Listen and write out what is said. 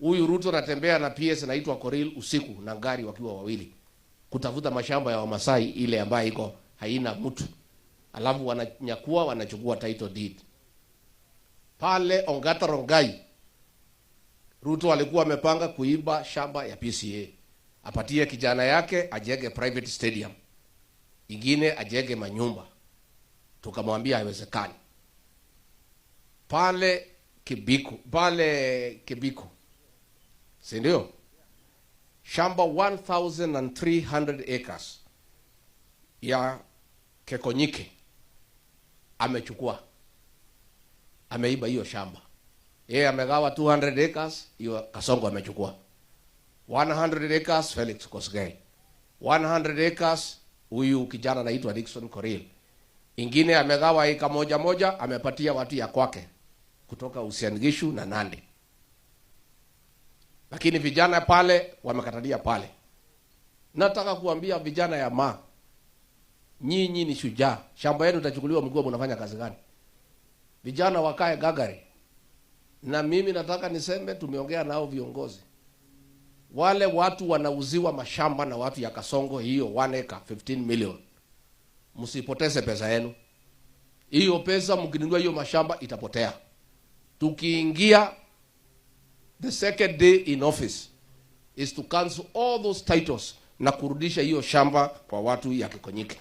huyu Ruto anatembea na PS anaitwa Koril usiku na gari wakiwa wawili kutafuta mashamba ya Wamasai ile ambayo iko haina mtu, alafu wananyakua wanachukua title deed pale Ongata Rongai. Ruto alikuwa amepanga kuiba shamba ya PCA apatie kijana yake ajege private stadium ingine ajege manyumba, tukamwambia haiwezekani. Pale Kibiku, pale Kibiku si ndio? Shamba 1300 acres ya Kekonyike amechukua, ameiba hiyo shamba. Yeye amegawa 200 acres, hiyo Kasongo amechukua 100 acres, Felix Kosgei 100 acres, huyu kijana anaitwa Dickson coril Ingine amegawa eka moja moja, amepatia watu ya kwake kutoka Usiangishu na Nandi lakini vijana pale wamekatalia pale. Nataka kuambia vijana ya ma, nyinyi ni shujaa. Shamba yenu itachukuliwa mguu, mnafanya kazi gani? Vijana wakae gagari. Na mimi nataka niseme, tumeongea nao viongozi wale watu wanauziwa mashamba na watu ya Kasongo, hiyo waneka 15 million, msipoteze pesa yenu. Hiyo pesa mkinunua hiyo mashamba itapotea. Tukiingia The second day in office is to cancel all those titles na kurudisha hiyo shamba kwa watu ya Kikonyike.